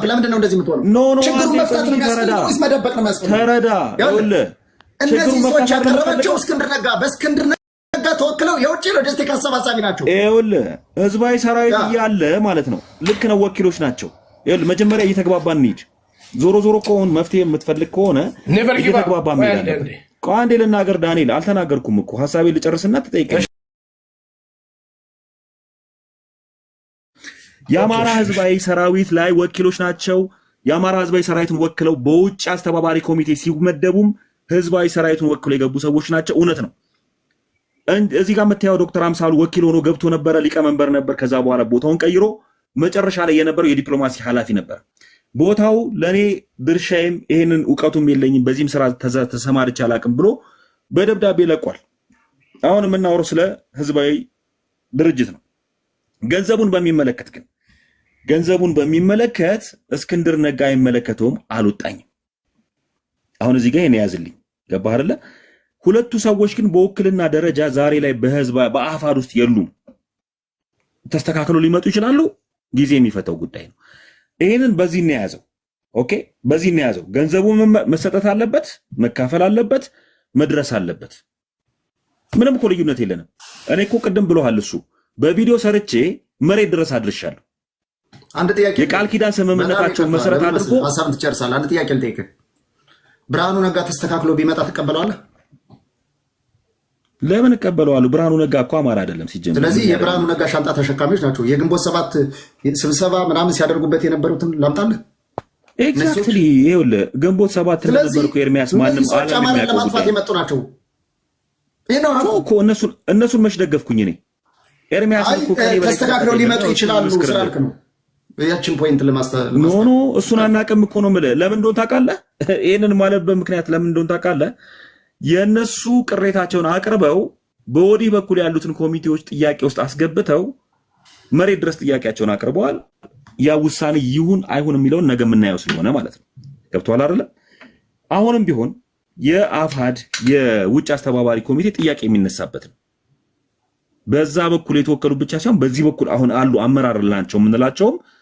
ጠፋብህ? ለምንድን ነው እንደዚህ የምትሆነው? ችግሩን መፍታት ነው ወይስ መደበቅ ነው የሚያስፈልገው? ተረዳ። እነዚህ ሰዎች ያቀረባቸው እስክንድር ነጋ በእስክንድር ነጋ ተወክለው የውጭ ሎጂስቲክ አሰባሳቢ ናቸው። ይኸውልህ ህዝባዊ ሰራዊት እያለ ማለት ነው። ልክ ነው፣ ወኪሎች ናቸው። ይኸውልህ መጀመሪያ እየተግባባን እንሂድ። ዞሮ ዞሮ መፍትሄ የምትፈልግ ከሆነ አንዴ ልናገር ዳንኤል፣ አልተናገርኩም እኮ ሀሳቤ ልጨርስና ትጠይቀኝ የአማራ ህዝባዊ ሰራዊት ላይ ወኪሎች ናቸው። የአማራ ህዝባዊ ሰራዊትን ወክለው በውጭ አስተባባሪ ኮሚቴ ሲመደቡም ህዝባዊ ሰራዊቱን ወክሎ የገቡ ሰዎች ናቸው። እውነት ነው። እዚህ ጋር የምታየው ዶክተር አምሳሉ ወኪል ሆኖ ገብቶ ነበረ፣ ሊቀመንበር ነበር። ከዛ በኋላ ቦታውን ቀይሮ መጨረሻ ላይ የነበረው የዲፕሎማሲ ኃላፊ ነበር። ቦታው ለእኔ ድርሻዬም ይህንን እውቀቱም የለኝም በዚህም ስራ ተሰማርቼ አላቅም ብሎ በደብዳቤ ለቋል። አሁን የምናወረው ስለ ህዝባዊ ድርጅት ነው። ገንዘቡን በሚመለከት ግን ገንዘቡን በሚመለከት እስክንድር ነጋ አይመለከተውም፣ አልወጣኝም። አሁን እዚህ ጋር የያዝልኝ ገባህ አይደለ? ሁለቱ ሰዎች ግን በውክልና ደረጃ ዛሬ ላይ በህዝብ በአፋር ውስጥ የሉም። ተስተካክሎ ሊመጡ ይችላሉ። ጊዜ የሚፈተው ጉዳይ ነው። ይህንን በዚህ እናያዘው። ኦኬ፣ በዚህ እናያዘው። ገንዘቡ መሰጠት አለበት፣ መካፈል አለበት፣ መድረስ አለበት። ምንም እኮ ልዩነት የለንም። እኔ እኮ ቅድም ብለሃል እሱ በቪዲዮ ሰርቼ መሬት ድረስ አድርሻለሁ። አንድ ጥያቄ የቃል ኪዳን ስምምነታቸውን መሰረት አድርጎ ሀሳብን ትጨርሳለህ። አንድ ጥያቄ ልጠይቅ። ብርሃኑ ነጋ ተስተካክሎ ቢመጣ ትቀበለዋለህ? ለምን እቀበለዋለሁ? ብርሃኑ ነጋ እኮ አማራ አይደለም ሲጀምር። ስለዚህ የብርሃኑ ነጋ ሻንጣ ተሸካሚዎች ናቸው። የግንቦት ሰባት ስብሰባ ምናምን ሲያደርጉበት የነበሩትን ላምጣልህ። ኤግዛክትሊ ይኸውልህ፣ ግንቦት ሰባት ለነበርኩ ኤርሚያስ ማንም ለማጥፋት የመጡ ናቸው። እነሱን መች ደገፍኩኝ እኔ? ኤርሚያስ ተስተካክለው ሊመጡ ይችላሉ ስላልክ ነው ያችን ፖይንት ለማስተ ኖ ኖ እሱን አናውቅም እኮ ነው የምልህ። ለምን እንደሆነ ታውቃለህ? ይህንን ማለት በምክንያት ለምን እንደሆነ ታውቃለህ? የእነሱ ቅሬታቸውን አቅርበው በወዲህ በኩል ያሉትን ኮሚቴዎች ጥያቄ ውስጥ አስገብተው መሬት ድረስ ጥያቄያቸውን አቅርበዋል። ያ ውሳኔ ይሁን አይሁን የሚለውን ነገ የምናየው ስለሆነ ማለት ነው። ገብተዋል አይደለም? አሁንም ቢሆን የአፍሃድ የውጭ አስተባባሪ ኮሚቴ ጥያቄ የሚነሳበት ነው። በዛ በኩል የተወከሉ ብቻ ሳይሆን በዚህ በኩል አሁን አሉ አመራር ላቸው የምንላቸውም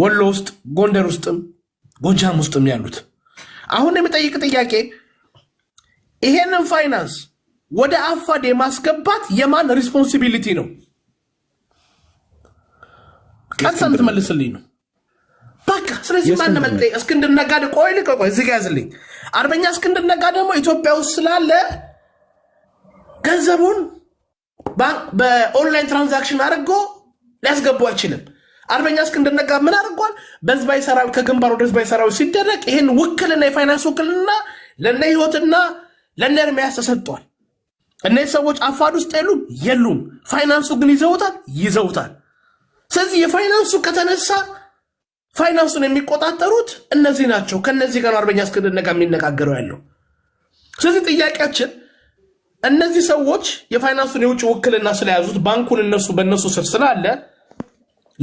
ወሎ ውስጥ፣ ጎንደር ውስጥም፣ ጎጃም ውስጥም ያሉት አሁን የሚጠይቅ ጥያቄ ይሄንን ፋይናንስ ወደ አፋድ የማስገባት የማን ሪስፖንሲቢሊቲ ነው? ቀጥታ ምትመልስልኝ ነው። በቃ ስለዚህ ማን መጠ እስክንድር ነጋ ቆይ ቆይ እዚህ ያዝልኝ። አርበኛ እስክንድር ነጋ ደግሞ ኢትዮጵያ ውስጥ ስላለ ገንዘቡን በኦንላይን ትራንዛክሽን አድርጎ ሊያስገቡ አይችልም። አርበኛ እስክንድር ነጋ ምን አድርጓል? በህዝባዊ ሰራዊት ከግንባር ወደ ህዝባዊ ሰራዊት ሲደረግ ይህን ውክልና የፋይናንስ ውክልና ለነ ህይወትና ለነ ኤርሚያስ ተሰጥቷል። እነዚህ ሰዎች አፋድ ውስጥ የሉም የሉም። ፋይናንሱ ግን ይዘውታል ይዘውታል። ስለዚህ የፋይናንሱ ከተነሳ ፋይናንሱን የሚቆጣጠሩት እነዚህ ናቸው። ከነዚህ ጋር አርበኛ እስክንድር ነጋ የሚነጋገረው ያለው። ስለዚህ ጥያቄያችን እነዚህ ሰዎች የፋይናንሱን የውጭ ውክልና ስለያዙት ባንኩን እነሱ በእነሱ ስር ስላለ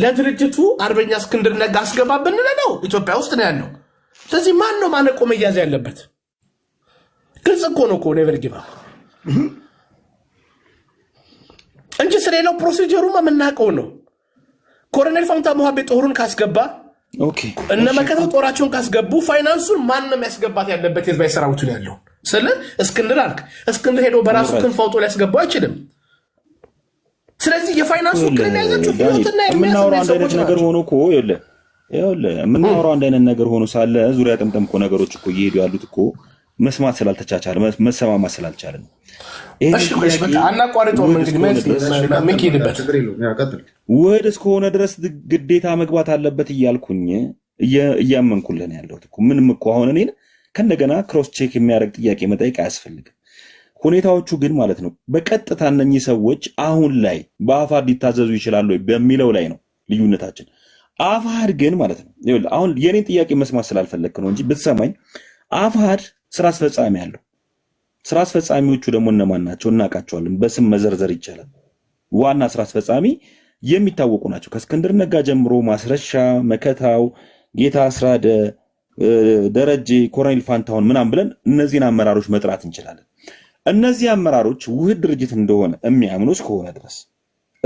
ለድርጅቱ አርበኛ እስክንድር ነጋ አስገባ ብንለ ነው ኢትዮጵያ ውስጥ ነው ያለው። ስለዚህ ማን ነው ማነቆ መያዝ ያለበት? ግልጽ እኮ ነው እኮ ኔቨር እንጂ ስለሌላው ፕሮሲጀሩማ የምናውቀው ነው። ኮሎኔል ፋንታ ሞሀቤ ጦሩን ካስገባ እነ መከተው ጦራቸውን ካስገቡ ፋይናንሱን ማንም ያስገባት ያለበት የህዝባዊ ሰራዊቱን ያለው ስለ እስክንድር አልክ። እስክንድር ሄዶ በራሱ ክንፍ አውጦ ሊያስገባው አይችልም። ስለዚህ የፋይናንስ ውክልና ያዘችው ህይወትና የምናወራው አንድ አይነት ነገር ሆኖ እኮ ይኸውልህ የምናወራው አንድ አይነት ነገር ሆኖ ሳለ ዙሪያ ጥምጥም እኮ ነገሮች እኮ እየሄዱ ያሉት እኮ መስማት ስላልተቻቻለ መሰማማት ስላልቻለ ውህድ እስከሆነ ድረስ ግዴታ መግባት አለበት እያልኩኝ እያመንኩልን ነው ያለሁት። ምንም እኮ አሁን እኔን ከእንደገና ክሮስ ቼክ የሚያደርግ ጥያቄ መጠየቅ አያስፈልግም። ሁኔታዎቹ ግን ማለት ነው በቀጥታ እነኚህ ሰዎች አሁን ላይ በአፋር ሊታዘዙ ይችላሉ በሚለው ላይ ነው ልዩነታችን። አፋር ግን ማለት ነው አሁን የኔን ጥያቄ መስማት ስላልፈለግክ ነው እንጂ ብትሰማኝ፣ አፋር ስራ አስፈጻሚ አለው። ስራ አስፈጻሚዎቹ ደግሞ እነማን ናቸው? እናውቃቸዋለን። በስም መዘርዘር ይቻላል። ዋና ስራ አስፈጻሚ የሚታወቁ ናቸው። ከእስክንድር ነጋ ጀምሮ ማስረሻ፣ መከታው፣ ጌታ አስራደ፣ ደረጀ፣ ኮሎኔል ፋንታሁን ምናምን ብለን እነዚህን አመራሮች መጥራት እንችላለን። እነዚህ አመራሮች ውህድ ድርጅት እንደሆነ የሚያምኑ እስከሆነ ድረስ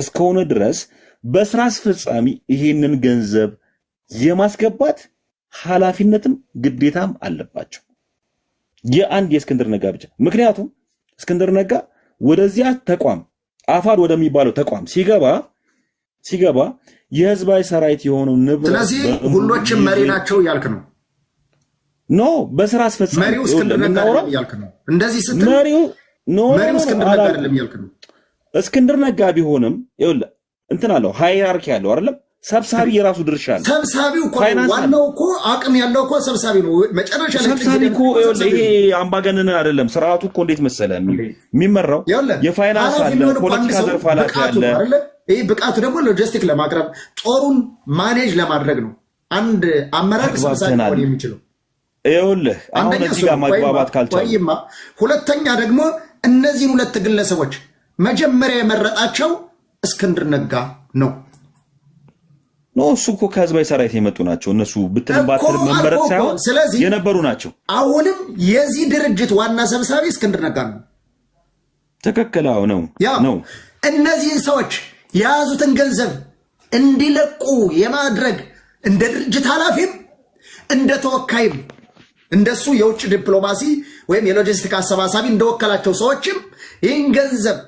እስከሆነ ድረስ በስራ አስፈጻሚ ይሄንን ገንዘብ የማስገባት ኃላፊነትም ግዴታም አለባቸው። የአንድ የእስክንድር ነጋ ብቻ ምክንያቱም እስክንድር ነጋ ወደዚያ ተቋም አፋድ ወደሚባለው ተቋም ሲገባ ሲገባ የህዝባዊ ሰራዊት የሆነው ንብረት ስለዚህ ሁሎችም መሪ ናቸው ያልክ ነው። ኖ በስራ አስፈጻሚ መሪው እስክንድር ነጋ ቢሆንም እንትን አለው ሃይራርኪ ያለው አይደለም። ሰብሳቢ የራሱ ድርሻ አለ። ሰብሳቢው እኮ ዋናው እኮ አቅም ያለው እኮ ሰብሳቢ ነው። መጨረሻ ሰብሳቢ እኮ ይሄ አምባገነን አይደለም። ስርዓቱ እኮ እንዴት መሰለ የሚመራው የፋይናንስ አለ፣ ፖለቲካ ዘርፍ ኃላፊ አለ። ይህ ብቃቱ ደግሞ ሎጂስቲክ ለማቅረብ ጦሩን ማኔጅ ለማድረግ ነው። አንድ አመራር ሰብሳቢ ሆን የሚችለው ይኸውልህ አሁን እዚህ ጋር መግባባት ካልቻሉ፣ ሁለተኛ ደግሞ እነዚህን ሁለት ግለሰቦች መጀመሪያ የመረጣቸው እስክንድር ነጋ ነው። ኖ እሱ እኮ ከህዝባዊ ሰራዊት የመጡ ናቸው። እነሱ ብትንም መመረጥ ሳይሆን የነበሩ ናቸው። አሁንም የዚህ ድርጅት ዋና ሰብሳቢ እስክንድር ነጋ ነው። ትክክል ነው ነው። እነዚህን ሰዎች የያዙትን ገንዘብ እንዲለቁ የማድረግ እንደ ድርጅት ኃላፊም እንደ ተወካይም እንደሱ የውጭ ዲፕሎማሲ ወይም የሎጂስቲክ አሰባሳቢ እንደወከላቸው ሰዎችም ይህን ገንዘብ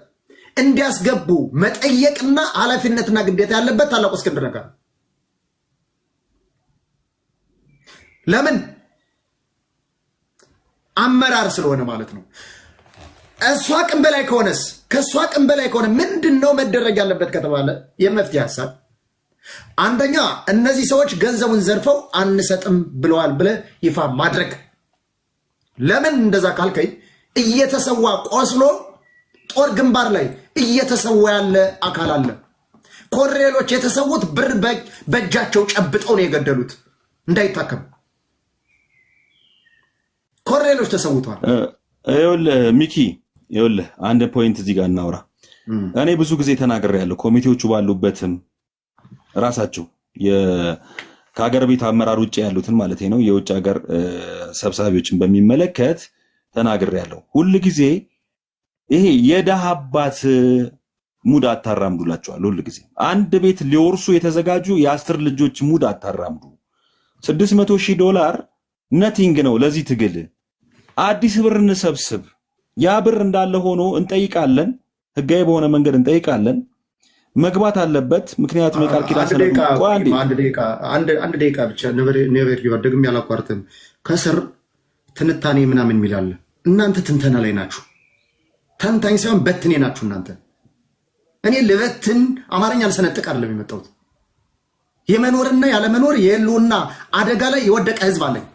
እንዲያስገቡ መጠየቅና ኃላፊነትና ግዴታ ያለበት ታላቁ እስክንድር ነጋ ለምን አመራር ስለሆነ ማለት ነው። እሷ ቅን በላይ ከሆነስ ከእሷ ቅን በላይ ከሆነ ምንድን ነው መደረግ ያለበት ከተባለ የመፍትሄ ሀሳብ አንደኛ እነዚህ ሰዎች ገንዘቡን ዘርፈው አንሰጥም ብለዋል ብለህ ይፋ ማድረግ። ለምን እንደዛ ካልከኝ እየተሰዋ ቆስሎ ጦር ግንባር ላይ እየተሰዋ ያለ አካል አለ። ኮሬሎች የተሰዉት ብር በእጃቸው ጨብጠው ነው የገደሉት እንዳይታከም ኮሬሎች ተሰውተዋል። ይኸውልህ ሚኪ፣ ይኸውልህ አንድ ፖይንት እዚህ ጋር እናውራ። እኔ ብዙ ጊዜ ተናግሬያለሁ፣ ኮሚቴዎቹ ባሉበትም ራሳቸው ከሀገር ቤት አመራር ውጭ ያሉትን ማለት ነው የውጭ ሀገር ሰብሳቢዎችን በሚመለከት ተናግር ያለው ሁል ጊዜ ይሄ የደሃ አባት ሙድ አታራምዱላቸዋል። ሁል ጊዜ አንድ ቤት ሊወርሱ የተዘጋጁ የአስር ልጆች ሙድ አታራምዱ። ስድስት መቶ ሺህ ዶላር ነቲንግ ነው ለዚህ ትግል። አዲስ ብር እንሰብስብ። ያ ብር እንዳለ ሆኖ እንጠይቃለን፣ ህጋዊ በሆነ መንገድ እንጠይቃለን። መግባት አለበት። ምክንያቱም የቃል ኪዳን አንድ ደቂቃ ብቻ ኔቨር ጊቨር ደግሞ ያላቋርጥም ከስር ትንታኔ ምናምን የሚላለ እናንተ ትንተና ላይ ናችሁ። ተንታኝ ሳይሆን በትኔ ናችሁ እናንተ። እኔ ልበትን አማርኛ ልሰነጥቅ አይደለም የመጣሁት። የመኖርና ያለመኖር የህልውና አደጋ ላይ የወደቀ ህዝብ አለኝ።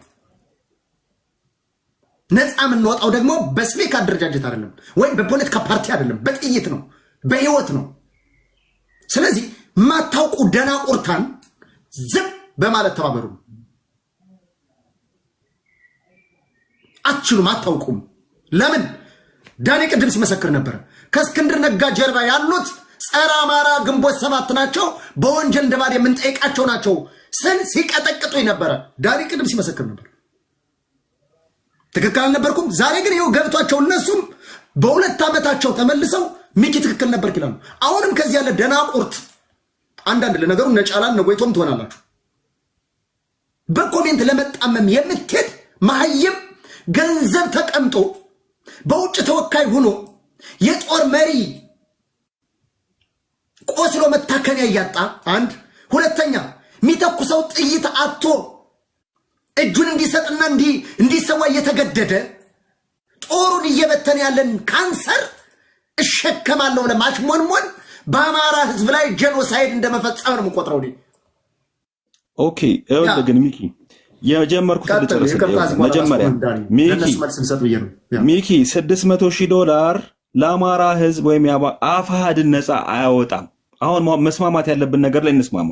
ነፃ የምንወጣው ደግሞ በስሜክ አደረጃጀት አይደለም ወይም በፖለቲካ ፓርቲ አይደለም፣ በጥይት ነው፣ በህይወት ነው። ስለዚህ ማታውቁ ደናቁርታን ዝም በማለት ተባበሩ። አትችሉም፣ አታውቁም። ለምን ዳኔ ቅድም ሲመሰክር ነበር ከእስክንድር ነጋ ጀርባ ያሉት ጸረ አማራ ግንቦት ሰባት ናቸው፣ በወንጀል ድባድ የምንጠይቃቸው ናቸው ስል ሲቀጠቅጡ ነበረ። ዳኔ ቅድም ሲመሰክር ነበር። ትክክል አልነበርኩም። ዛሬ ግን ይኸው ገብቷቸው እነሱም በሁለት ዓመታቸው ተመልሰው ሚኪ ትክክል ነበር ይላሉ። አሁንም ከዚህ ያለ ደናቁርት አንዳንድ ለነገሩ ነጫላን ነጎይቶም ትሆናላችሁ። በኮሜንት ለመጣመም የምትሄድ መሀይም ገንዘብ ተቀምጦ በውጭ ተወካይ ሆኖ የጦር መሪ ቆስሎ መታከሚያ እያጣ አንድ ሁለተኛ የሚተኩሰው ጥይት አቶ እጁን እንዲሰጥና እንዲሰዋ እየተገደደ ጦሩን እየበተነ ያለን ካንሰር እሸከማለሁ ብለህ ማሽሞንሞን በአማራ ህዝብ ላይ ጀኖሳይድ እንደመፈጸም ነው የምቆጥረው። ኦኬ ይኸውልህ ግን ሚኪ የጀመርኩት ልጨርስ። መጀመሪያ ሚኪ ስድስት መቶ ሺህ ዶላር ለአማራ ህዝብ ወይም አፋሃድን ነፃ አያወጣም። አሁን መስማማት ያለብን ነገር ላይ እንስማማ።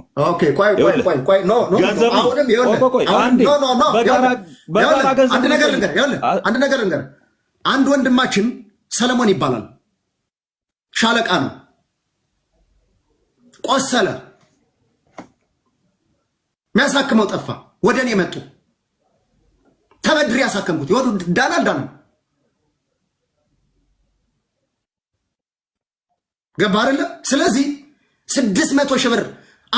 አንድ ነገር ልንገርህ፣ አንድ ወንድማችን ሰለሞን ይባላል ሻለቃ ነው። ቆሰለ። የሚያሳክመው ጠፋ። ወደ እኔ መጡ። ተበድር ያሳከምኩት ይወዱ ዳና አልዳኑ ገባ አይደለ? ስለዚህ ስድስት መቶ ሺህ ብር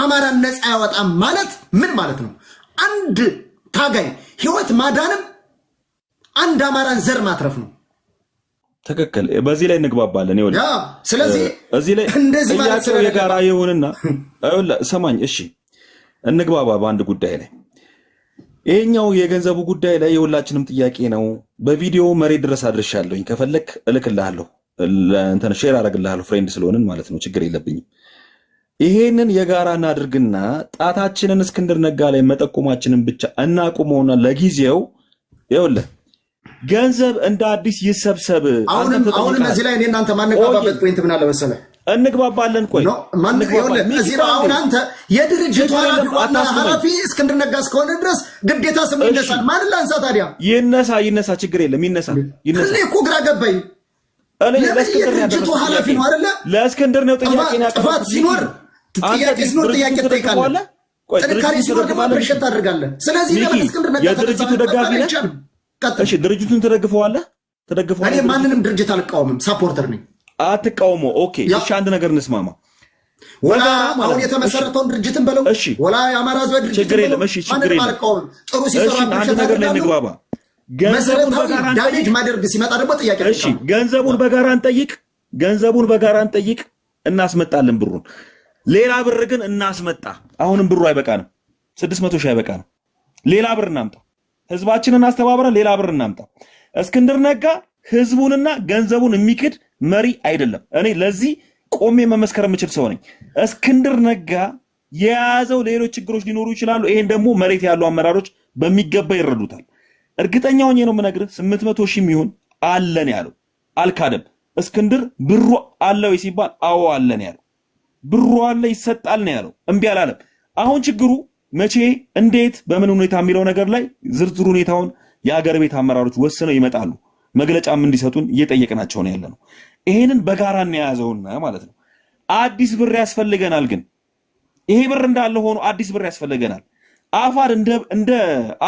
አማራን ነፃ ያወጣም ማለት ምን ማለት ነው? አንድ ታጋይ ህይወት ማዳንም አንድ አማራን ዘር ማትረፍ ነው። ትክክል። በዚህ ላይ እንግባባለን። ይኸውልህ ስለዚህ እዚህ ላይ ጥያቄው የጋራ ይሁንና ሰማኝ። እሺ እንግባባ በአንድ ጉዳይ ላይ ይሄኛው የገንዘቡ ጉዳይ ላይ የሁላችንም ጥያቄ ነው። በቪዲዮ መሬት ድረስ አድርሻለሁኝ። ከፈለክ እልክልሃለሁ፣ እንትን ሼር አደርግልሃለሁ። ፍሬንድ ስለሆንን ማለት ነው፣ ችግር የለብኝም። ይሄንን የጋራ እናድርግና ጣታችንን እስክንድር ነጋ ላይ መጠቆማችንን ብቻ እናቁመውና ለጊዜው ይኸውልህ ገንዘብ እንደ አዲስ ይሰብሰብ። አሁንም እዚህ ላይ እኔ እናንተ ማንግባባበት ፖይንት ምን አለ መሰለህ? እንግባባለን። ቆይ አንተ የድርጅቱ ዋና ኃላፊ እስክንድር ነጋ እስከሆነ ድረስ ግዴታ ስም ይነሳል። ማንን ላንሳ ታዲያ? ይነሳ ይነሳ፣ ችግር የለም ይነሳ። እኮ ግራ ገባኝ። የድርጅቱ ኃላፊ ነው አይደለ? ለእስክንድር ነው ጥያቄ ጥፋት ሲኖር ጥያቄ ሲኖር ጥያቄ ትጠይቃለህ። ጥንካሬ ሲኖር ደግሞ ፕሬሽር ታደርጋለህ። ስለዚህ ለምን እስክንድር ነጋ የድርጅቱ ደጋፊ ነህ? እሺ ድርጅቱን ትደግፈዋለህ? ትደግፈዋለህ? እኔ ማንንም ድርጅት አልቃወምም፣ ሳፖርተር ነኝ። አትቃወመው። ኦኬ፣ እሺ፣ አንድ ነገር እንስማማ። ወላ አሁን የተመሰረተውን ድርጅትን በለው፣ እሺ፣ ወላ የአማራ ህዝብ ድርጅት ችግር የለም። እሺ፣ ችግር የለም። ጥሩ ሲሰራ አንድ ነገር ላይ እንግባባ። ገንዘቡን በጋራ ዳሜጅ ማደርግ ሲመጣ ደግሞ ጥያቄ እሺ፣ ገንዘቡን በጋራ እንጠይቅ፣ ገንዘቡን በጋራ እንጠይቅ፣ እናስመጣለን ብሩን። ሌላ ብር ግን እናስመጣ። አሁንም ብሩ አይበቃንም፣ ስድስት መቶ ሺህ አይበቃንም። ሌላ ብር እናምጣ። ህዝባችንን አስተባብረን ሌላ ብር እናምጣ። እስክንድር ነጋ ህዝቡንና ገንዘቡን የሚክድ መሪ አይደለም። እኔ ለዚህ ቆሜ መመስከር የምችል ሰው ነኝ። እስክንድር ነጋ የያዘው ሌሎች ችግሮች ሊኖሩ ይችላሉ። ይሄን ደግሞ መሬት ያሉ አመራሮች በሚገባ ይረዱታል። እርግጠኛ ሆኜ ነው የምነግርህ፣ ስምንት መቶ ሺህ የሚሆን አለን ያለው አልካደም። እስክንድር ብሩ አለ ወይ ሲባል አዎ አለን ያለው ብሩ አለ ይሰጣል ነው ያለው። እምቢ አላለም። አሁን ችግሩ መቼ፣ እንዴት፣ በምን ሁኔታ የሚለው ነገር ላይ ዝርዝር ሁኔታውን የአገር ቤት አመራሮች ወስነው ይመጣሉ። መግለጫም እንዲሰጡን እየጠየቅናቸው ነው ያለ ነው። ይሄንን በጋራ እናያዘውና ማለት ነው። አዲስ ብር ያስፈልገናል። ግን ይሄ ብር እንዳለ ሆኖ አዲስ ብር ያስፈልገናል። አፋድ እንደ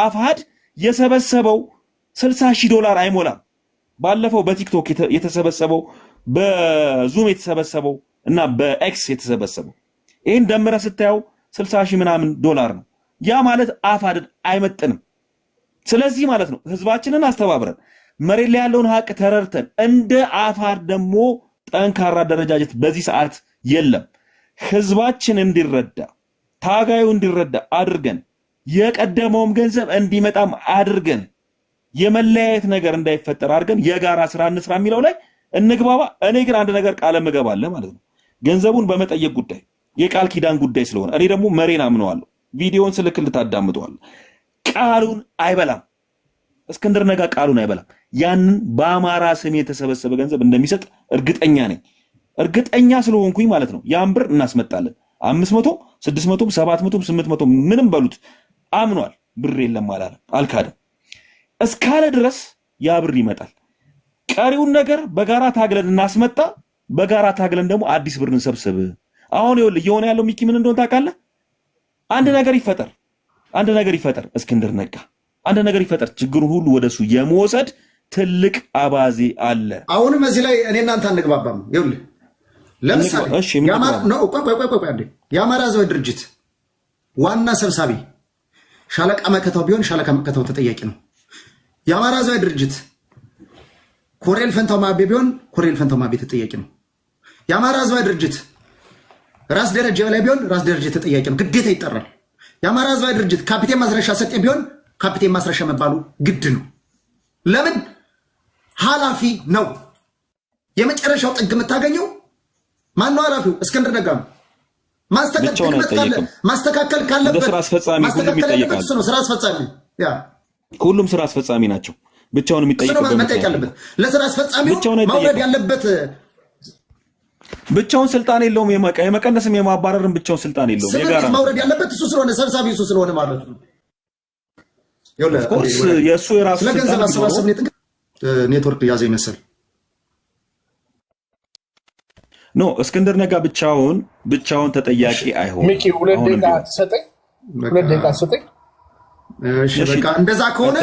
አፋድ የሰበሰበው 60 ሺህ ዶላር አይሞላም። ባለፈው በቲክቶክ የተሰበሰበው በዙም የተሰበሰበው እና በኤክስ የተሰበሰበው ይህን ደምረ ስታየው 60 ሺህ ምናምን ዶላር ነው። ያ ማለት አፍ አይመጥንም። ስለዚህ ማለት ነው ህዝባችንን አስተባብረን መሬት ላይ ያለውን ሀቅ ተረድተን እንደ አፋር ደግሞ ጠንካራ አደረጃጀት በዚህ ሰዓት የለም። ህዝባችን እንዲረዳ ታጋዩ እንዲረዳ አድርገን የቀደመውም ገንዘብ እንዲመጣም አድርገን የመለያየት ነገር እንዳይፈጠር አድርገን የጋራ ስራ እንስራ የሚለው ላይ እንግባባ። እኔ ግን አንድ ነገር ቃለ እገባለሁ ማለት ነው ገንዘቡን በመጠየቅ ጉዳይ የቃል ኪዳን ጉዳይ ስለሆነ እኔ ደግሞ መሬን አምነዋለሁ። ቪዲዮውን ስልክ ልታዳምጠዋለሁ። ቃሉን አይበላም። እስክንድር ነጋ ቃሉን አይበላም። ያንን በአማራ ስም የተሰበሰበ ገንዘብ እንደሚሰጥ እርግጠኛ ነኝ። እርግጠኛ ስለሆንኩኝ ማለት ነው። ያን ብር እናስመጣለን። አምስት መቶ ስድስት መቶ ሰባት መቶ ስምንት መቶ ምንም በሉት አምኗል። ብር የለም አላለም፣ አልካድም። እስካለ ድረስ ያ ብር ይመጣል። ቀሪውን ነገር በጋራ ታግለን እናስመጣ። በጋራ ታግለን ደግሞ አዲስ ብር እንሰብስብ። አሁን ይኸውልህ እየሆነ ያለው ሚኪ ምን እንደሆነ ታውቃለህ? አንድ ነገር ይፈጠር፣ አንድ ነገር ይፈጠር፣ እስክንድር ነጋ አንድ ነገር ይፈጠር፣ ችግሩን ሁሉ ወደሱ የመውሰድ ትልቅ አባዜ አለ። አሁንም እዚህ ላይ እኔ እናንተ አንግባባም። ይኸውልህ ለምሳሌ የአማራ ሕዝብ ድርጅት ዋና ሰብሳቢ ሻለቃ መከተው ቢሆን ሻለቃ መከተው ተጠያቂ ነው። የአማራ ሕዝብ ድርጅት ኮሬል ፈንታው ማቤ ቢሆን ኮሬል ፈንታው ማቤ ተጠያቂ ነው። የአማራ ሕዝብ ድርጅት ራስ ደረጃ ላይ ቢሆን ራስ ደረጃ ተጠያቂ ነው፣ ግዴታ ይጠራል። የአማራ ህዝባዊ ድርጅት ካፒቴን ማስረሻ ሰጤ ቢሆን ካፒቴን ማስረሻ መባሉ ግድ ነው። ለምን ኃላፊ ነው። የመጨረሻው ጥግ የምታገኘው ማነው? ኃላፊው እስክንድር ነጋ ማስተካከል ካለበት ስራ አስፈጻሚ ነው። ስራ አስፈጻሚ ሁሉም ስራ አስፈጻሚ ናቸው። ብቻውን የሚጠይቅ መጠየቅ ያለበት ለስራ አስፈጻሚ መውረድ ያለበት ብቻውን ስልጣን የለውም። የመቀነስም የማባረርም ብቻውን ስልጣን የለውም። ስለዚህ ማውረድ ያለበት እሱ ስለሆነ ሰብሳቢ እሱ ስለሆነ ማለት ነው። ኦፍኮርስ የእሱ የራሱ ስለገንዘብ አሰባሰብ ኔትወርክ ያዘ ይመስል ኖ እስክንድር ነጋ ብቻውን ብቻውን ተጠያቂ አይሆንም። ሚኪ ሁለት ደቂቃ ሰጠኝ፣ በቃ እንደዛ ከሆነ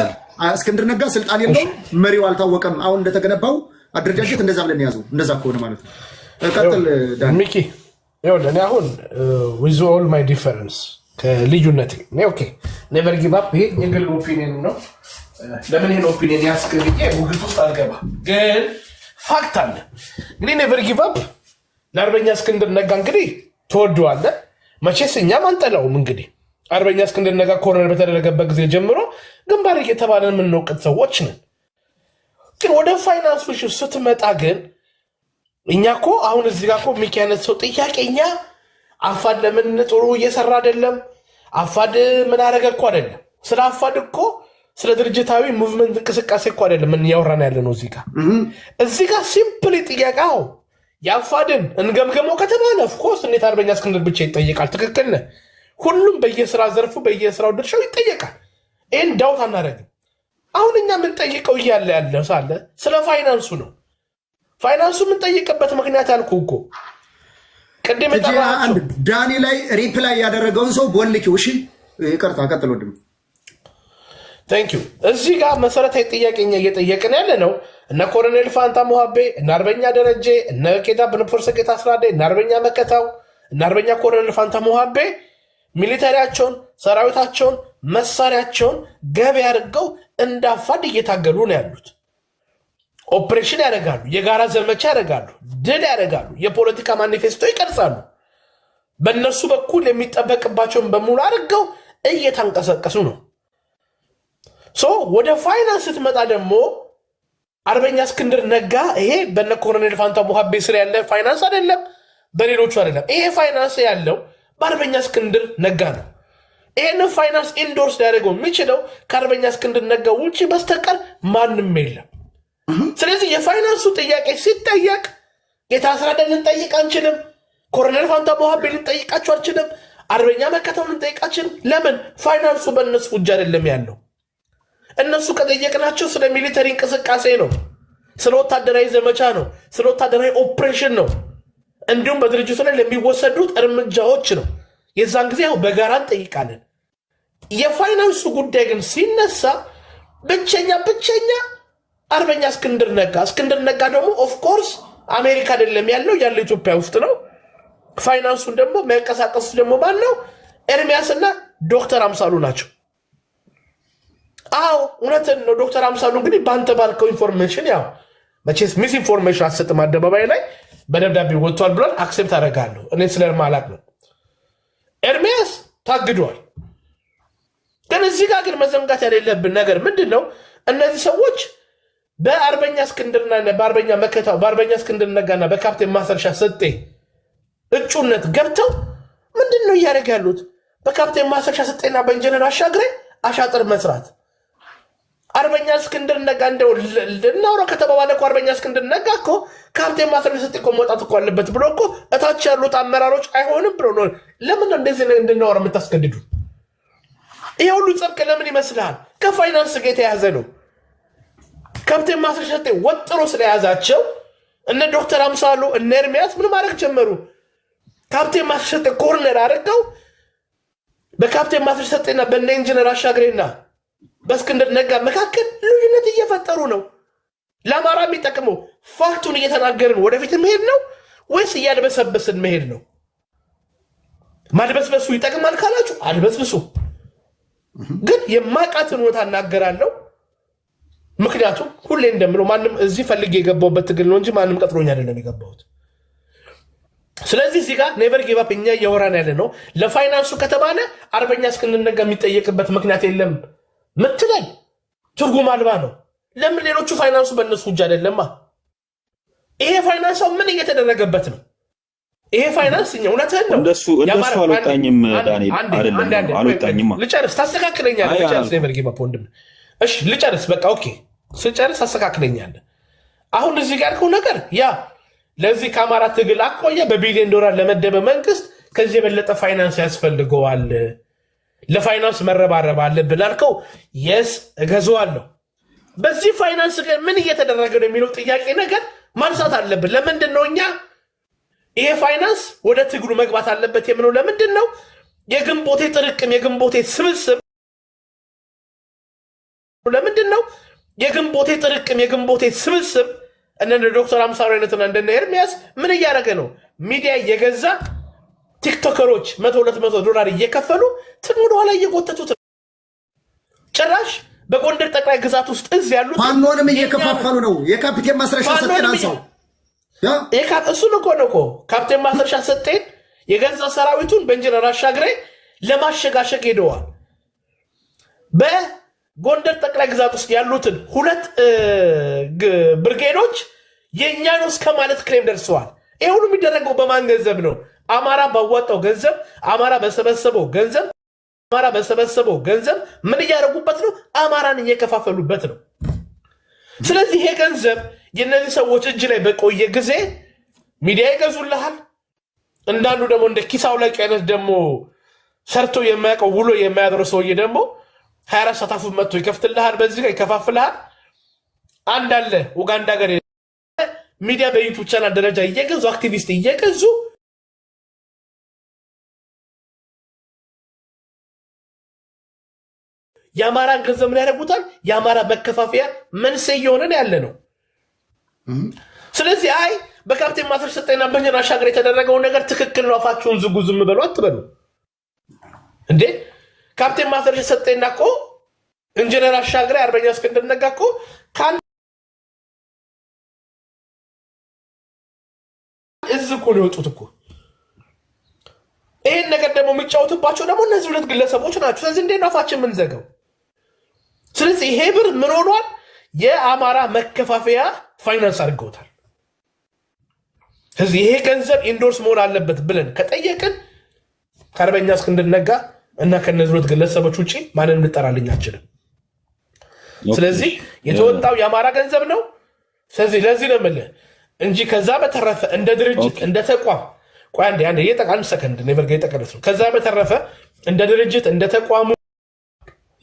እስክንድር ነጋ ስልጣን የለውም፣ መሪው አልታወቀም። አሁን እንደተገነባው አደረጃጀት እንደዛ ብለን ያዘው። እንደዛ ከሆነ ማለት ነው ሚኪ እኔ አሁን ዊዝ ኦል ማይ ዲፈረንስ ከልዩነት ኦኬ ኔቨር ጊቭ አፕ ይሄ የግል ኦፒኒየን ነው። ለምን ይሄን ኦፒኒየን ያስክ ብዬ ውግት ውስጥ አልገባ፣ ግን ፋክት አለ እንግዲህ ኔቨር ጊቭ አፕ ለአርበኛ እስክንድር ነጋ እንግዲህ ተወደዋለ። መቼስ እኛም አንጠላውም። እንግዲህ አርበኛ እስክንድር ነጋ ኮርነር በተደረገበት ጊዜ ጀምሮ ግንባር እየተባለን የምንወቅት ሰዎች ነን። ግን ወደ ፋይናንስ ስትመጣ ግን እኛ እኮ አሁን እዚህ ጋር እኮ አይነት ሰው ጥያቄ እኛ አፋድ ለምን ጥሩ እየሰራ አይደለም፣ አፋድ ምን አደረገ እኮ አይደለም። ስለ አፋድ እኮ ስለ ድርጅታዊ ሙቭመንት እንቅስቃሴ እኮ አይደለም እያወራን ያለ ነው። እዚህ ጋር እዚህ ጋር ሲምፕል ጥያቄ ው የአፋድን እንገምገመው ከተባለ ኦፍኮርስ እንዴት አርበኛ እስክንድር ብቻ ይጠየቃል። ትክክል ነህ። ሁሉም በየስራ ዘርፉ በየስራው ድርሻው ይጠየቃል። ይህን ዳውት አናደርግም። አሁን እኛ የምንጠይቀው እያለ ያለ ሳለ ስለ ፋይናንሱ ነው። ፋይናንሱ የምንጠይቅበት ምክንያት አልኩ እኮ ቅድም ዳኒ ላይ ሪፕላይ ያደረገውን ሰው ቦልኪው። እሺ ይቅርታ ቀጥሎ ድም ቴንኪው። እዚህ ጋር መሰረታዊ ጥያቄ እኛ እየጠየቅን ያለ ነው። እነ ኮሎኔል ፋንታ ሞሀቤ፣ እነ አርበኛ ደረጀ፣ እነ ቄዳ ብንፖርሰ ቄታ አስራደ፣ እነ አርበኛ መከታው፣ እነ አርበኛ ኮሎኔል ፋንታ ሞሀቤ ሚሊተሪያቸውን፣ ሰራዊታቸውን፣ መሳሪያቸውን ገቢ አድርገው እንዳፋድ እየታገሉ ነው ያሉት። ኦፕሬሽን ያደርጋሉ፣ የጋራ ዘመቻ ያደርጋሉ፣ ድል ያደርጋሉ፣ የፖለቲካ ማኒፌስቶ ይቀርጻሉ። በእነሱ በኩል የሚጠበቅባቸውን በሙሉ አድርገው እየተንቀሳቀሱ ነው። ወደ ፋይናንስ ስትመጣ ደግሞ አርበኛ እስክንድር ነጋ ይሄ በነ ኮሎኔል ፋንታ ሞሀቤ ስር ያለ ፋይናንስ አይደለም፣ በሌሎቹ አይደለም። ይሄ ፋይናንስ ያለው በአርበኛ እስክንድር ነጋ ነው። ይህንን ፋይናንስ ኢንዶርስ ሊያደርገው የሚችለው ከአርበኛ እስክንድር ነጋ ውጭ በስተቀር ማንም የለም። ስለዚህ የፋይናንሱ ጥያቄ ሲጠየቅ ጌታ ልንጠይቅ አንችልም። ኮሮኔል ፋንታ ሞሀቤ ልንጠይቃቸው አንችልም። አርበኛ መከተው ልንጠይቃችን። ለምን? ፋይናንሱ በእነሱ እጅ አይደለም ያለው። እነሱ ከጠየቅናቸው ስለ ሚሊተሪ እንቅስቃሴ ነው፣ ስለ ወታደራዊ ዘመቻ ነው፣ ስለ ወታደራዊ ኦፕሬሽን ነው፣ እንዲሁም በድርጅቱ ላይ ለሚወሰዱት እርምጃዎች ነው። የዛን ጊዜ ያው በጋራ እንጠይቃለን። የፋይናንሱ ጉዳይ ግን ሲነሳ ብቸኛ ብቸኛ አርበኛ እስክንድር ነጋ። እስክንድር ነጋ ደግሞ ኦፍኮርስ አሜሪካ አይደለም ያለው ያለው ኢትዮጵያ ውስጥ ነው። ፋይናንሱን ደግሞ መንቀሳቀሱ ደግሞ ማን ነው? ኤርሚያስና ዶክተር አምሳሉ ናቸው። አዎ እውነትን ነው። ዶክተር አምሳሉ እንግዲህ በአንተ ባልከው ኢንፎርሜሽን ያው መቼስ ሚስ ኢንፎርሜሽን አሰጥም አደባባይ ላይ በደብዳቤ ወጥቷል ብሏል። አክሴፕት አደርጋለሁ እኔ ስለማላቅ ነው። ኤርሚያስ ታግዷል። ግን እዚህ ጋር ግን መዘንጋት የሌለብን ነገር ምንድን ነው? እነዚህ ሰዎች በአርበኛ እስክንድርና በአርበኛ መከታው በአርበኛ እስክንድር ነጋና በካፕቴን ማሰርሻ ሰጤ እጩነት ገብተው ምንድን ነው እያደረግ ያሉት? በካፕቴን ማሰርሻ ሰጤና በኢንጂነር አሻግሬ አሻጥር መስራት። አርበኛ እስክንድር ነጋ እንደው ልናውራ ከተባባለ እኮ አርበኛ እስክንድር ነጋ እኮ ካፕቴን ማሰርሻ ሰጤ እኮ መውጣት እኮ አለበት ብሎ እኮ እታች ያሉት አመራሮች አይሆንም ብሎ ነው። ለምን እንደዚህ እንድናወራ የምታስገድዱ? ይሄ ሁሉ ጸብቅ ለምን ይመስልሃል? ከፋይናንስ ጋር የተያዘ ነው። ከብቴን ማስረሸቴ ወጥሮ ስለያዛቸው እነ ዶክተር አምሳሉ እነ ኤርሚያስ ምን ማድረግ ጀመሩ? ካፕቴን ማስረሸቴ ኮርነር አድርገው በካፕቴን ማስረሸቴና በነ ኢንጂነር አሻግሬና በእስክንድር ነጋ መካከል ልዩነት እየፈጠሩ ነው። ለአማራ የሚጠቅመው ፋክቱን እየተናገርን ወደፊት መሄድ ነው ወይስ እያድበሰበስን መሄድ ነው? ማድበስበሱ ይጠቅማል ካላችሁ አድበስብሱ። ግን የማቃትን እውነት እናገራለሁ። ምክንያቱም ሁሌ እንደምለው ማንም እዚህ ፈልጌ የገባውበት ትግል ነው እንጂ ማንም ቀጥሮኝ አይደለም የገባሁት። ስለዚህ እዚህ ጋር ኔቨር ጌባፕ እኛ እያወራን ያለ ነው። ለፋይናንሱ ከተባለ አርበኛ እስክንነጋ የሚጠየቅበት ምክንያት የለም ምትለኝ ትርጉም አልባ ነው። ለምን ሌሎቹ ፋይናንሱ በእነሱ እጅ አይደለማ። ይሄ ፋይናንስ ምን እየተደረገበት ነው? ይሄ ፋይናንስ እኛ እውነትህን ነው። እንደሱ አልወጣኝም፣ ዳንኤል አልወጣኝም። ልጨርስ፣ ታስተካክለኛለህ። ልጨርስ ኔቨር ጌባፕ ወንድም እሺ ልጨርስ፣ በቃ ኦኬ። ስጨርስ አስተካክለኛለ አሁን እዚህ ጋር ያልከው ነገር ያ ለዚህ ከአማራ ትግል አኳያ በቢሊዮን ዶላር ለመደበ መንግስት ከዚህ የበለጠ ፋይናንስ ያስፈልገዋል፣ ለፋይናንስ መረባረብ አለብን ላልከው የስ እገዘዋለሁ በዚህ ፋይናንስ ግን ምን እየተደረገ ነው የሚለው ጥያቄ ነገር ማንሳት አለብን። ለምንድን ነው እኛ ይሄ ፋይናንስ ወደ ትግሉ መግባት አለበት የምለው ለምንድን ነው? የግንቦቴ ጥርቅም የግንቦቴ ስብስብ ለምንድን ነው የግንቦቴ ጥርቅም የግንቦቴ ስብስብ እነ ዶክተር አምሳሩ አይነትና እንደነ ኤርሚያስ ምን እያደረገ ነው? ሚዲያ እየገዛ ቲክቶከሮች መቶ ሁለት መቶ ዶላር እየከፈሉ ትን ወደኋላ እየጎተቱት ጭራሽ በጎንደር ጠቅላይ ግዛት ውስጥ እዝ ያሉት ፋኖንም እየከፋፈሉ ነው። የካፒቴን ማስረሻ ሰጤን አንሳው። እሱን እኮ ነው እኮ ካፕቴን ማስረሻ ሰጤን የገዛ ሰራዊቱን በእንጀነር አሻግሬ ለማሸጋሸግ ሄደዋል። በ ጎንደር ጠቅላይ ግዛት ውስጥ ያሉትን ሁለት ብርጌዶች የእኛ ነው እስከ ማለት ክሬም ደርሰዋል። ይህ ሁሉ የሚደረገው በማን ገንዘብ ነው? አማራ ባዋጣው ገንዘብ፣ አማራ በሰበሰበው ገንዘብ፣ አማራ በሰበሰበው ገንዘብ ምን እያደረጉበት ነው? አማራን እየከፋፈሉበት ነው። ስለዚህ ይሄ ገንዘብ የእነዚህ ሰዎች እጅ ላይ በቆየ ጊዜ ሚዲያ ይገዙልሃል። እንዳንዱ ደግሞ እንደ ኪሳው ለቅ አይነት ደግሞ ሰርቶ የማያውቀው ውሎ የማያድረው ሰውዬ ደግሞ ሀያ አራት ሰዓት አፉን መጥቶ ይከፍትልሃል፣ በዚህ ጋር ይከፋፍልሃል። አንድ አለ ኡጋንዳ ገር ሚዲያ በዩቱብ ቻናል ደረጃ እየገዙ አክቲቪስት እየገዙ የአማራን ገንዘብ ምን ያደርጉታል? የአማራ መከፋፈያ መንስኤ እየሆነን ያለ ነው። ስለዚህ አይ በካፕቴን ማስር ሰጠና በኛን አሻገር የተደረገውን ነገር ትክክል ነው፣ አፋችሁን ዝጉ፣ ዝም በሉ አትበሉ እንዴ ካፕቴን ማስረሻ ሰጠና እኮ ኢንጂነር አሻግሬ አርበኛ እስክንድር ነጋ እኮ ከአንድ እዝ እኮ ነው የወጡት እኮ። ይህን ነገር ደግሞ የሚጫወትባቸው ደግሞ እነዚህ ሁለት ግለሰቦች ናቸው። ስለዚህ እንዴት ነው አፋችን የምንዘጋው? ስለዚህ ይሄ ብር ምን ሆኗል? የአማራ መከፋፈያ ፋይናንስ አድርገውታል። ስለዚህ ይሄ ገንዘብ ኢንዶርስ መሆን አለበት ብለን ከጠየቅን ከአርበኛ እስክንድር ነጋ እና ከነዚህ ሁለት ግለሰቦች ውጭ ማንን ልጠራልኝ አችልም። ስለዚህ የተወጣው የአማራ ገንዘብ ነው። ስለዚህ ለዚህ ነው የምልህ እንጂ ከዛ በተረፈ እንደ ድርጅት እንደ ተቋም ቆይ አንዴ አንዴ የጠቃል ሰከንድ ኔቨር ጋ የጠቀለስ ነው። ከዛ በተረፈ እንደ ድርጅት እንደ ተቋሙ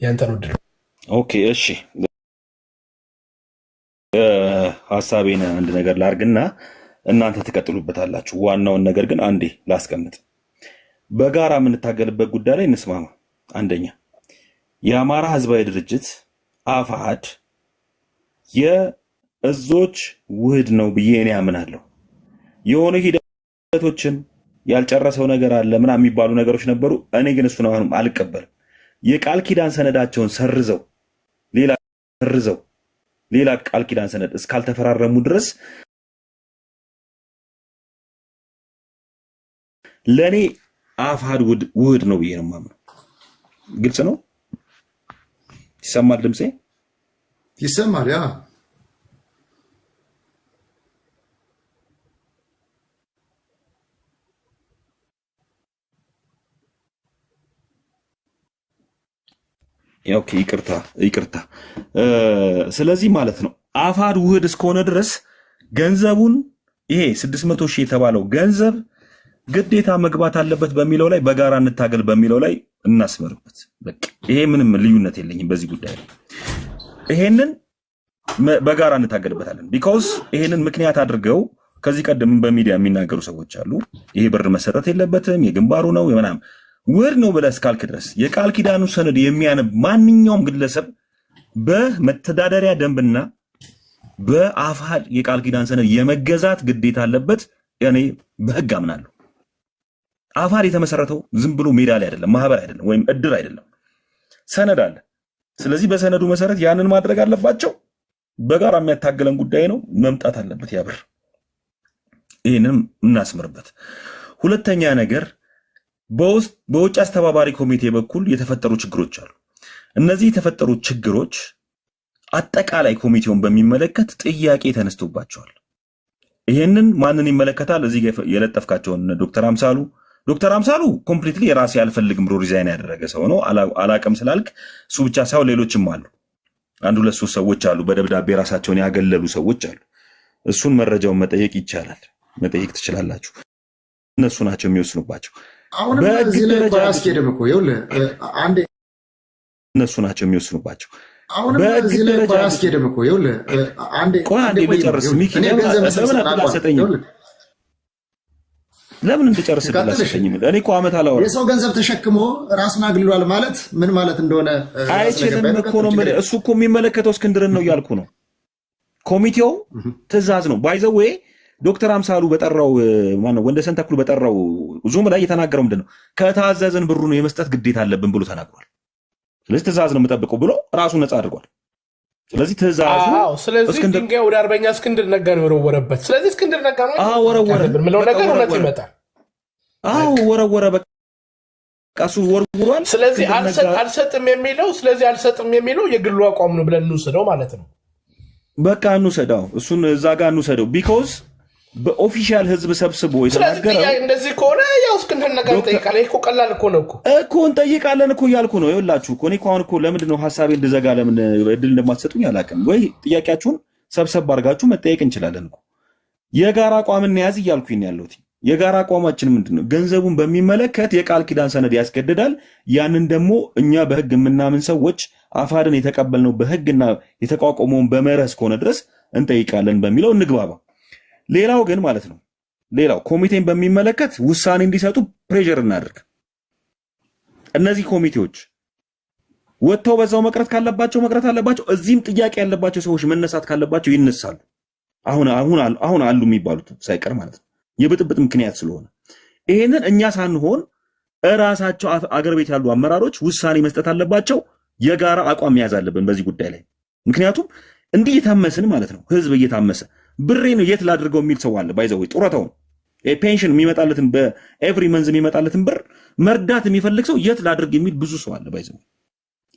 ያንተን ውድ ኦኬ፣ እሺ ሀሳቤን አንድ ነገር ላርግና እናንተ ትቀጥሉበታላችሁ። ዋናውን ነገር ግን አንዴ ላስቀምጥ። በጋራ የምንታገልበት ጉዳይ ላይ እንስማማ። አንደኛ የአማራ ህዝባዊ ድርጅት አፋሃድ የእዞች ውህድ ነው ብዬ እኔ አምናለሁ። የሆነ ሂደቶችን ያልጨረሰው ነገር አለ ምና የሚባሉ ነገሮች ነበሩ። እኔ ግን እሱን አሁንም አልቀበልም። የቃል ኪዳን ሰነዳቸውን ሰርዘው ሌላ ሰርዘው ሌላ ቃል ኪዳን ሰነድ እስካልተፈራረሙ ድረስ ለእኔ አፍሃድ ውህድ ነው ብዬ ነው የማምነው። ግልጽ ነው። ይሰማል? ድምፄ ይሰማል? ያ ኦኬ፣ ይቅርታ ይቅርታ። ስለዚህ ማለት ነው አፋድ ውህድ እስከሆነ ድረስ ገንዘቡን ይሄ ስድስት መቶ ሺህ የተባለው ገንዘብ ግዴታ መግባት አለበት በሚለው ላይ በጋራ እንታገል በሚለው ላይ እናስመርበት። ይሄ ምንም ልዩነት የለኝም በዚህ ጉዳይ ላይ ይሄንን በጋራ እንታገልበታለን። ቢካውስ ይሄንን ምክንያት አድርገው ከዚህ ቀደም በሚዲያ የሚናገሩ ሰዎች አሉ። ይሄ ብር መሰጠት የለበትም የግንባሩ ነው የምናም ውድ ነው ብለህ እስካልክ ድረስ የቃል ኪዳኑ ሰነድ የሚያነብ ማንኛውም ግለሰብ በመተዳደሪያ ደንብና በአፋድ የቃል ኪዳን ሰነድ የመገዛት ግዴታ አለበት። እኔ በህግ አምናለሁ። አፋር የተመሰረተው ዝም ብሎ ሜዳ ላይ አይደለም፣ ማህበር አይደለም፣ ወይም እድር አይደለም። ሰነድ አለ። ስለዚህ በሰነዱ መሰረት ያንን ማድረግ አለባቸው። በጋራ የሚያታገለን ጉዳይ ነው። መምጣት አለበት ያብር። ይህንም እናስምርበት። ሁለተኛ ነገር በውጭ አስተባባሪ ኮሚቴ በኩል የተፈጠሩ ችግሮች አሉ። እነዚህ የተፈጠሩ ችግሮች አጠቃላይ ኮሚቴውን በሚመለከት ጥያቄ ተነስቶባቸዋል። ይህንን ማንን ይመለከታል? እዚህ የለጠፍካቸውን ዶክተር አምሳሉ ዶክተር አምሳሉ ኮምፕሊትሊ የራሴ አልፈልግም ብሎ ሪዛይን ያደረገ ሰው ነው። አላቅም ስላልክ እሱ ብቻ ሳይሆን ሌሎችም አሉ። አንድ ሁለት ሶስት ሰዎች አሉ፣ በደብዳቤ ራሳቸውን ያገለሉ ሰዎች አሉ። እሱን መረጃውን መጠየቅ ይቻላል፣ መጠየቅ ትችላላችሁ። እነሱ ናቸው የሚወስኑባቸው። እነሱ ናቸው የሚወስኑባቸው። ቆይ አንዴ ልጨርስ ሚኪ ለምን አትሰጠኝም? ለምን እንድጨርስ ብላሰኝ። እኔ እኮ ዓመት አላወራም። የሰው ገንዘብ ተሸክሞ ራሱን አግልሏል ማለት ምን ማለት እንደሆነ አይችልም እኮ ነው። እሱ እኮ የሚመለከተው እስክንድርን ነው እያልኩ ነው። ኮሚቴው ትእዛዝ ነው። ባይዘዌ ዶክተር አምሳሉ በጠራው ማነው ወንደሰን ተክሉ በጠራው ዙም ላይ እየተናገረው ምንድን ነው? ብሩ ነው የመስጠት ግዴታ አለብን ብሎ ተናግሯል። ስለዚህ ትእዛዝ ነው የምጠብቀው ብሎ ራሱን ነፃ አድርጓል። ስለዚህ ትእዛዙ ስለዚህ ድንጋይ ወደ አርበኛ እስክንድር ነጋ ነው የወረወረበት። ስለዚህ እስክንድር ነጋ ነው ወረወረ ምለው ነገር እውነት ይመጣል። አዎ ወረወረ፣ በቃ እሱ ወርውሯል። ስለዚህ አልሰጥም የሚለው ስለዚህ አልሰጥም የሚለው የግሉ አቋም ነው ብለን እንውሰደው ማለት ነው። በቃ እንውሰደው፣ እሱን እዛ ጋር እንውሰደው ቢኮዝ በኦፊሻል ህዝብ ሰብስቦ የተናገረው እንደዚህ ከሆነ ያው እስክንድር ነጋ እንጠይቃለን እኮ። ቀላል እኮ ነው እኮ እንጠይቃለን እኮ እያልኩ ነው። ይኸውላችሁ እኮ እኔ እኮ አሁን እኮ ለምንድን ነው ሀሳቤ እንድዘጋ ለምን እድል እንደማትሰጡኝ አላውቅም። ወይ ጥያቄያችሁን ሰብሰብ አድርጋችሁ መጠየቅ እንችላለን እኮ። የጋራ አቋም እንያዝ እያልኩኝ ነው ያለሁት። የጋራ አቋማችን ምንድን ነው? ገንዘቡን በሚመለከት የቃል ኪዳን ሰነድ ያስገድዳል። ያንን ደግሞ እኛ በህግ የምናምን ሰዎች አፋድን የተቀበልነው በህግና የተቋቋመውን በመርህ እስከሆነ ድረስ እንጠይቃለን በሚለው እንግባባ። ሌላው ግን ማለት ነው ሌላው ኮሚቴን በሚመለከት ውሳኔ እንዲሰጡ ፕሬዠር እናደርግ። እነዚህ ኮሚቴዎች ወጥተው በዛው መቅረት ካለባቸው መቅረት አለባቸው። እዚህም ጥያቄ ያለባቸው ሰዎች መነሳት ካለባቸው ይነሳሉ። አሁን አሁን አሁን አሉ የሚባሉት ሳይቀር ማለት ነው የብጥብጥ ምክንያት ስለሆነ ይሄንን እኛ ሳንሆን እራሳቸው አገር ቤት ያሉ አመራሮች ውሳኔ መስጠት አለባቸው። የጋራ አቋም መያዝ አለብን በዚህ ጉዳይ ላይ ምክንያቱም እንዲህ እየታመስን ማለት ነው ህዝብ እየታመሰ ብሬን የት ላድርገው የሚል ሰው አለ። ባይዘወይ ጡረታውን ፔንሽን የሚመጣለትን በኤቭሪ መንዝ የሚመጣለትን ብር መርዳት የሚፈልግ ሰው የት ላድርግ የሚል ብዙ ሰው አለ። ባይዘወይ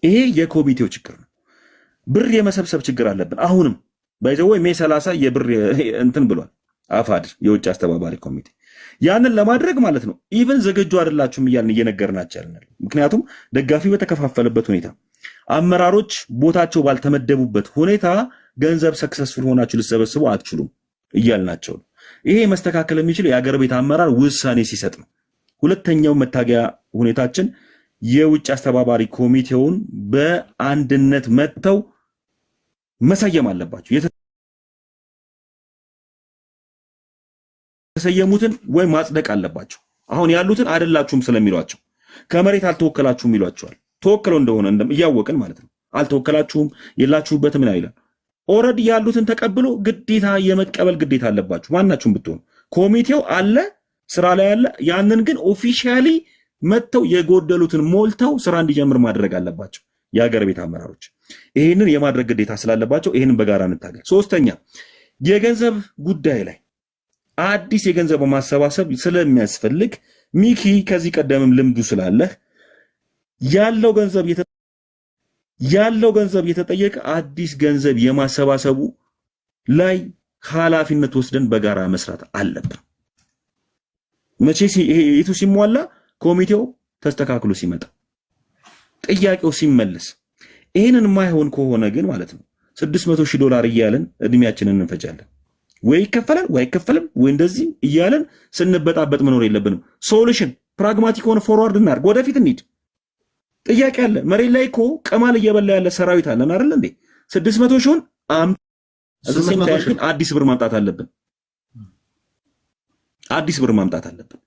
ይሄ የኮሚቴው ችግር ነው። ብር የመሰብሰብ ችግር አለብን። አሁንም ባይዘወይ ሜ ሰላሳ የብር እንትን ብሏል አፋድ የውጭ አስተባባሪ ኮሚቴ ያንን ለማድረግ ማለት ነው ኢቨን ዘገጁ አይደላችሁም እያልን እየነገርናቸው ምክንያቱም ደጋፊው በተከፋፈለበት ሁኔታ አመራሮች ቦታቸው ባልተመደቡበት ሁኔታ ገንዘብ ሰክሰስፉል ሆናችሁ ልሰበስቡ አትችሉም እያልናቸው ነው። ይሄ መስተካከል የሚችለው የአገር ቤት አመራር ውሳኔ ሲሰጥ ነው። ሁለተኛው መታገያ ሁኔታችን የውጭ አስተባባሪ ኮሚቴውን በአንድነት መጥተው መሰየም አለባቸው። የተሰየሙትን ወይም ማጽደቅ አለባቸው። አሁን ያሉትን አይደላችሁም ስለሚሏቸው ከመሬት አልተወከላችሁም ይሏቸዋል። ተወክለው እንደሆነ እያወቅን ማለት ነው። አልተወከላችሁም የላችሁበት ምን አይለ ኦልሬዲ ያሉትን ተቀብሎ ግዴታ የመቀበል ግዴታ አለባችሁ። ማናችሁም ብትሆኑ ኮሚቴው አለ ስራ ላይ አለ። ያንን ግን ኦፊሻሊ መጥተው የጎደሉትን ሞልተው ስራ እንዲጀምር ማድረግ አለባቸው የሀገር ቤት አመራሮች። ይህንን የማድረግ ግዴታ ስላለባቸው ይህንን በጋራ እንታገል። ሶስተኛ የገንዘብ ጉዳይ ላይ አዲስ የገንዘብ ማሰባሰብ ስለሚያስፈልግ ሚኪ ከዚህ ቀደምም ልምዱ ስላለህ ያለው ገንዘብ ያለው ገንዘብ የተጠየቀ አዲስ ገንዘብ የማሰባሰቡ ላይ ኃላፊነት ወስደን በጋራ መስራት አለብን። መቼ የቱ ሲሟላ ኮሚቴው ተስተካክሎ ሲመጣ ጥያቄው ሲመለስ ይህንን ማይሆን ከሆነ ግን ማለት ነው ስድስት ሺህ ዶላር እያለን እድሜያችንን እንፈጃለን። ወይ ይከፈላል ወይ አይከፈልም ወይ እንደዚህ እያለን ስንበጣበጥ መኖር የለብንም። ሶሉሽን ፕራግማቲክ ሆነ ፎርዋርድ እናድርግ፣ ወደፊት እንሂድ። ጥያቄ አለ። መሬት ላይ እኮ ቀማል እየበላ ያለ ሰራዊት አለን አይደል እንዴ? ስድስት መቶ ሺውን አዲስ ብር ማምጣት አለብን። አዲስ ብር ማምጣት አለብን።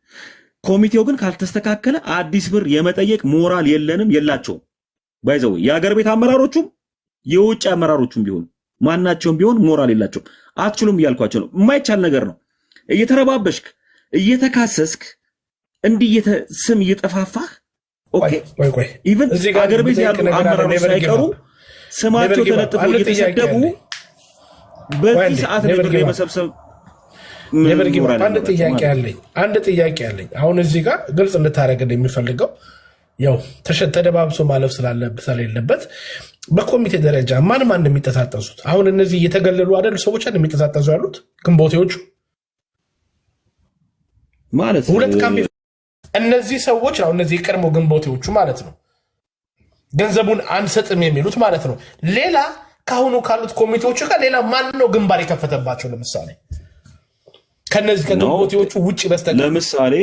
ኮሚቴው ግን ካልተስተካከለ አዲስ ብር የመጠየቅ ሞራል የለንም የላቸውም። ባይዘው የሀገር ቤት አመራሮቹም የውጭ አመራሮቹም ቢሆኑ ማናቸውም ቢሆን ሞራል የላቸውም። አትችሉም እያልኳቸው ነው። የማይቻል ነገር ነው። እየተረባበሽክ እየተካሰስክ እንዲህ ስም እየጠፋፋህ ኢቨን አገር ቤት ያሉ አመራሮች ሳይቀሩ ስማቸው ተለጥፎ እየተሰደቡ በዚህ ሰዓት ነድር የመሰብሰብ አንድ ጥያቄ አለኝ። አንድ ጥያቄ አለኝ። አሁን እዚህ ጋር ግልጽ እንድታደረግን የሚፈልገው ያው ተደባብሶ ማለፍ ስለሌለበት በኮሚቴ ደረጃ ማን ማን የሚጠሳጠሱት አሁን እነዚህ እየተገለሉ አይደል ሰዎች አይደል የሚጠሳጠሱ ያሉት ግንቦቴዎቹ ማለት ሁለት ካምፕ እነዚህ ሰዎች ነው እነዚህ የቀድሞ ግንቦቴዎቹ ማለት ነው ገንዘቡን አንሰጥም የሚሉት ማለት ነው። ሌላ ከአሁኑ ካሉት ኮሚቴዎቹ ጋር ሌላ ማን ነው ግንባር የከፈተባቸው? ለምሳሌ ከነዚህ ከግንቦቴዎቹ ውጭ በስተቀር ለምሳሌ